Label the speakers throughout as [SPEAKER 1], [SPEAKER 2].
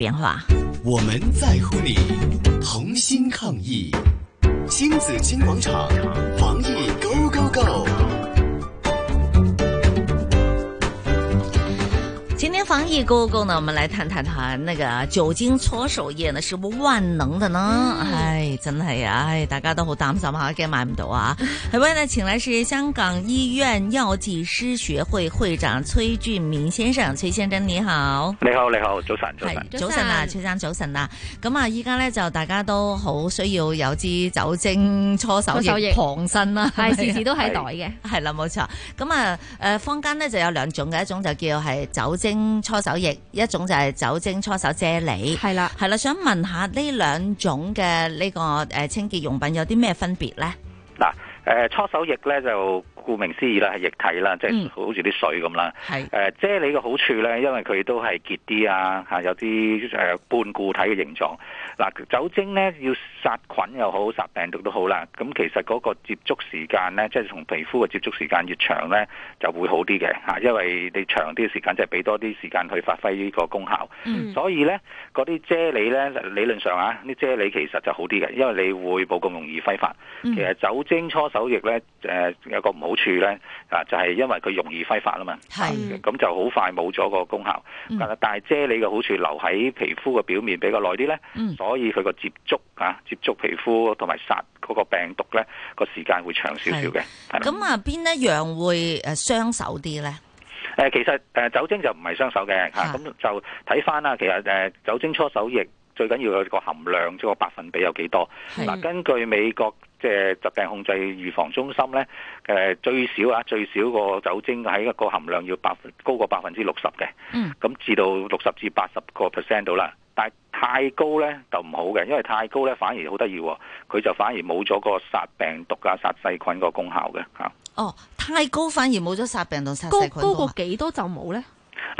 [SPEAKER 1] 變化，我們在乎你，同心抗疫。親子金廣場，防疫 Go Go Go。勾勾勾勾防疫功課呢，我們來談一談，那個酒精搓手液呢，是不是萬能的呢？嗯、唉，真係啊，唉，大家都好擔心啊，驚買唔到啊。好，今日請來是香港醫院藥劑師學會會長崔俊明先生，崔先生你好，
[SPEAKER 2] 你好，你好，早晨，早
[SPEAKER 1] 晨，早晨啊，崔生早晨啊，咁啊，依家咧就大家都好需要有支酒精搓手液旁身啦，係時時都喺袋嘅，係啦，冇錯。咁啊，誒是，坊間呢就有兩種嘅，一種就叫係酒精。搓手液一種就係酒精搓手啫喱，係啦，係啦，想問下呢兩種嘅呢個誒清潔用品有啲咩分別咧？
[SPEAKER 2] 嗱，呃，誒搓手液咧就。顧名思義啦，係液體啦，即係好似啲水咁啦。係，誒啫喱嘅好處咧，因為佢都係結啲啊，嚇有啲誒半固體嘅形狀。嗱，酒精咧要殺菌又好，殺病毒都好啦。咁其實嗰個接觸時間咧，即係同皮膚嘅接觸時間越長咧，就會好啲嘅嚇，因為你長啲時間，即係俾多啲時間去發揮呢個功效。所以咧，嗰啲啫喱咧，理論上啊，啲啫喱其實就好啲嘅，因為你會冇咁容易揮發。其實酒精搓手液咧，誒有個唔好處咧啊，就係因為佢容易揮發啊嘛，咁就好快冇咗個功效。但係啫喱嘅好處，留喺皮膚嘅表面比較耐啲咧，嗯、所以佢個接觸啊接觸皮膚同埋殺嗰個病毒咧個時間會長少少嘅。咁啊
[SPEAKER 1] 邊一樣會誒傷手啲咧？
[SPEAKER 2] 誒其實誒酒精就唔係傷手嘅嚇，咁的就睇返啦。其實誒酒精搓手液。最緊要有個含量即個百分比有幾多？嗱，根據美國即疾病控制預防中心咧，誒最少啊，最少個酒精喺個含量要百分高過百分之六十嘅。嗯，咁至到六十至八十個 percent 到啦。但係太高咧就唔好嘅，因為太高咧反而好得意喎，佢就反而冇咗個殺病毒啊、殺細菌個功效嘅嚇。
[SPEAKER 1] 哦，太高反而冇咗殺病毒、殺細菌，高高過幾多就冇咧？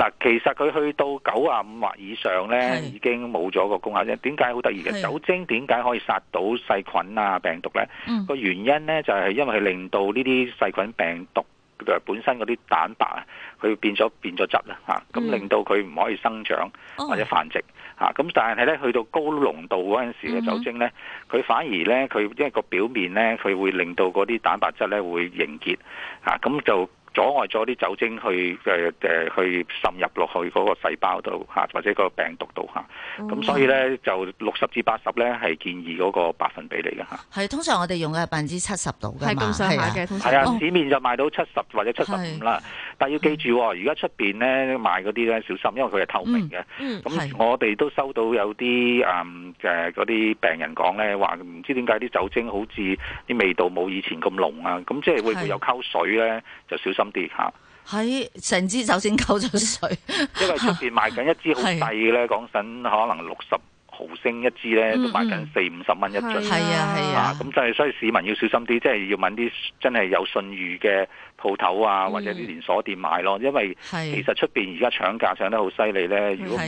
[SPEAKER 2] 嗱，其實佢去到九十五或以上咧，是已經冇咗個功效。點解好得意嘅酒精點解可以殺到細菌啊病毒咧？個、嗯、原因咧就係、是、因為佢令到呢啲細菌病毒本身嗰啲蛋白啊，佢變咗變咗質啦嚇，咁令到佢唔可以生長或者繁殖嚇。咁、啊、但係咧去到高濃度嗰陣時嘅、嗯、哼酒精咧，佢反而咧佢因為個表面咧，佢會令到嗰啲蛋白質咧會凝結嚇，咁、啊、就。阻礙咗啲酒精去誒誒、呃、去滲入落去嗰個細胞度嚇，或者個病毒度嚇。咁、嗯、所以咧就六十至八十咧係建議嗰個百分比嚟嘅嚇。
[SPEAKER 1] 係通常我哋用嘅係百分之七十度嘅，係咁上下嘅。啊、通常、啊、
[SPEAKER 2] 市面就賣到七十或者七十五啦。哦、但係要記住、哦，而家出邊咧賣嗰啲咧小心，因為佢係透明嘅。咁、嗯嗯、我哋都收到有啲誒嗰啲病人講咧話唔知點解啲酒精好似啲味道冇以前咁濃啊。咁即係會唔會有溝水咧？就小心。咁跌嚇，
[SPEAKER 1] 喺成支首先溝咗水，
[SPEAKER 2] 因為出邊賣緊一支好細咧，講緊 是可能六十毫升一支咧，都賣緊四五十蚊一樽、嗯嗯、啊， 啊，咁就係所以市民要小心啲，即係要問啲真係有信譽嘅鋪頭啊，或者啲連鎖店買咯，因為其實出邊而家搶價搶得好犀利咧。如果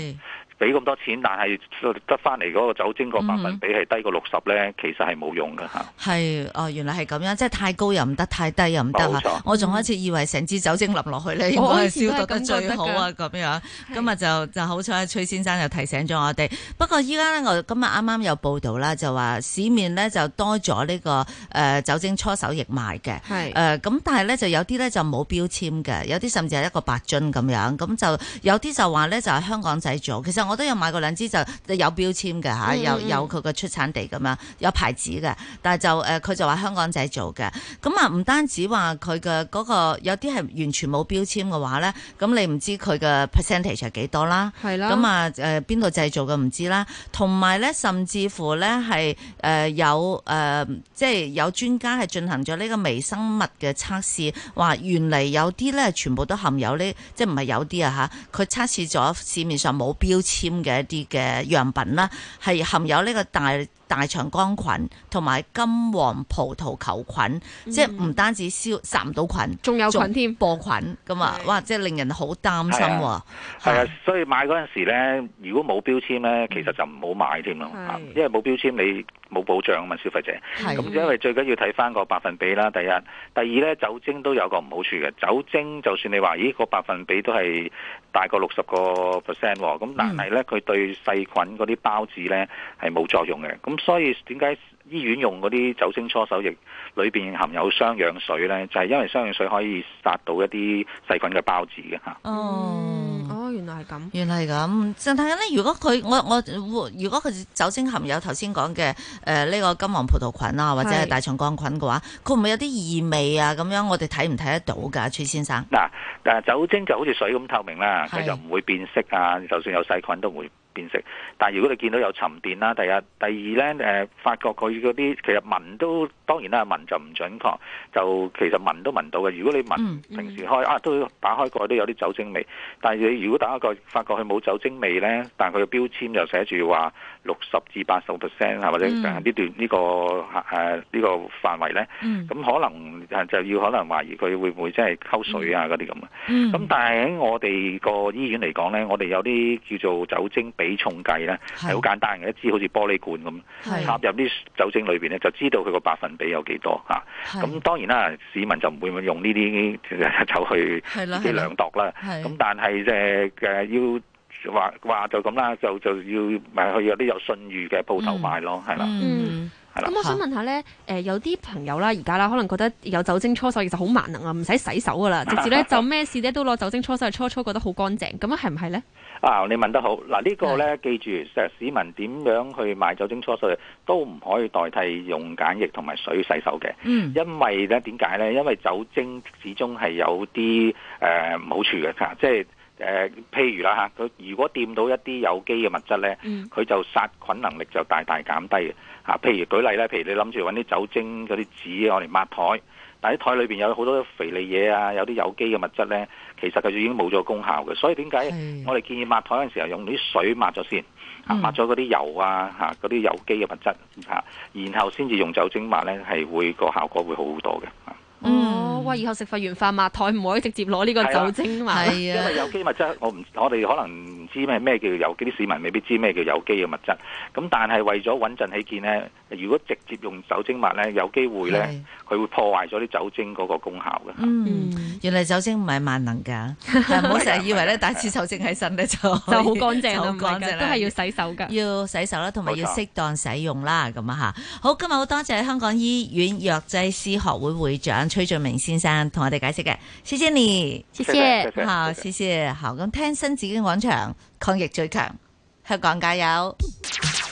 [SPEAKER 2] 俾咁多錢，但係得翻嚟嗰個酒精個百分比係低過六十咧，其實係冇用嘅
[SPEAKER 1] 嚇。係哦，原來係咁樣，即係太高又唔得，太低又唔得嚇。冇錯。我仲開始以為成支酒精淋落去咧，應該消毒得最好啊咁樣，嗯。係。今日就就好彩，崔先生又提醒咗我哋。係。不過依家咧，我今日啱啱有報道啦，就話市面咧就多咗呢個誒，呃，酒精搓手液賣嘅。係誒咁，但係咧就有啲咧就冇標籤嘅，有啲甚至係一個白樽咁樣。咁就有啲就話咧就係香港製造，其實我。我都有買過兩支，就有標籤嘅嚇，有有佢嘅出產地咁樣，有牌子嘅，但係就誒佢、呃、就話香港仔做嘅。咁啊，唔單止話佢嘅嗰個有啲係完全冇標籤嘅話咧，咁你唔知佢嘅 percentage 係幾多啦。係啦的。咁啊誒邊度製造嘅唔知啦，同埋咧甚至乎咧係誒有誒，即係有專家係進行咗呢個微生物嘅測試，話原嚟有啲咧全部都含有呢，即係唔係有啲啊嚇？佢測試咗市面上冇標籤籤嘅一啲嘅樣品啦，係含有呢個大。大腸桿菌同埋金黃葡萄球菌，嗯、即係唔單止消殺唔到菌，仲有菌添，播菌咁嘛，的哇！即係令人好擔心
[SPEAKER 2] 喎。係啊的唉，所以買嗰陣時咧，如果冇標籤咧，其實就唔好買添咯，的因為冇標籤你冇保障啊嘛，消費者。咁的因為最緊要睇翻個百分比啦，第一，第二咧，酒精都有個唔好處嘅，酒精就算你話，咦個百分比都係大過六十個 percent 喎，咁但係咧佢對細菌嗰啲孢子咧係冇作用嘅，咁、嗯。所以點解醫院用嗰啲酒精搓手液裏邊含有雙氧水咧？就係、是、因為雙氧水可以殺到一啲細菌嘅孢子嘅嚇。哦、嗯，
[SPEAKER 1] 哦，原來係咁。原來係咁。但係咧，如果佢我我如果佢酒精含有頭先講嘅誒呢個金黃葡萄菌啊，或者係大腸桿菌嘅話，佢唔會有啲異味啊？咁樣我哋睇唔睇得到㗎，崔先生？嗱、啊，
[SPEAKER 2] 嗱，酒精就好似水咁透明啦，佢是就唔會變色啊。就算有細菌都唔會。辨識，但係如果你見到有沉澱啦，第二第二呢，誒、呃，發覺佢嗰啲其實聞都當然啦，聞就唔準確，就其實聞都聞到嘅。如果你聞平時開啊，都打開蓋都有啲酒精味，但係你如果打開蓋發覺佢冇酒精味呢，但係佢嘅標籤又寫住話，六十至八十 percent，係或者呢段呢個誒呢個範圍咧，咁、嗯、可能就要可能懷疑佢會唔會真係溝水啊嗰啲咁啊。咁、嗯、但係喺我哋個醫院嚟講咧，我哋有啲叫做酒精比重計咧，係好是簡單嘅一支好似玻璃罐咁，插是入啲酒精裏邊咧，就知道佢個百分比有幾多嚇。咁是、啊、當然啦，市民就唔會用呢啲酒去啲量度啦。咁但係誒誒要。話話就咁啦，就就要咪去有啲有信譽嘅鋪頭買咯，係啦，嗯，係
[SPEAKER 1] 啦。咁我想問下咧，誒，有啲朋友啦，而家啦，可能覺得有酒精搓手液就好萬能啊，唔使洗手噶啦，直接咧就咩事咧都攞酒精搓手去搓搓，覺得好乾淨，咁樣係唔係咧？
[SPEAKER 2] 啊，你問得好，嗱呢個咧，記住，其實市民點樣去買酒精搓手液都唔可以代替用鹼液同埋水洗手嘅，嗯，因為咧點解咧？因為酒精始終係有啲誒唔好處嘅，即係。誒、呃，譬如啦嚇，佢如果掂到一啲有機嘅物質咧，佢、嗯、就殺菌能力就大大減低嘅嚇、啊。譬如舉例咧，譬如你諗住揾啲酒精嗰啲紙攞嚟抹台，但係啲台裏邊有好多肥膩嘢啊，有啲有機嘅物質咧，其實佢就已經冇咗功效嘅。所以點解我哋建議抹台嗰陣時候用啲水抹咗先，抹咗嗰啲油啊嚇，嗰、啊、啲有機嘅物質嚇、啊，然後先至用酒精抹咧，係會個效果會好好多嘅。
[SPEAKER 1] 嗯、哦，喂，以後食完飯抹枱唔可以直接攞呢個酒精嘛？係啊 因為有
[SPEAKER 2] 機物質，我唔，我哋可能。知咩咩叫有機？啲市民未必知咩叫有機嘅物質。咁但係為咗穩陣起見咧，如果直接用酒精抹咧，有機會咧，佢會破壞咗啲酒精嗰個功效嘅。
[SPEAKER 1] 嗯，原來酒精唔係萬能㗎，唔好成日以為咧 打一次酒精喺身得咗，就好乾淨，好乾淨都係要洗手㗎，要洗手啦，同埋要適當使用啦，咁啊錯好，今日好多謝香港醫院藥劑師學會會,會長崔俊明先生同我哋解釋嘅，謝謝你謝謝謝謝，謝謝。好，謝謝。好咁，聽新紫荊廣場。抗疫最強，香港加油！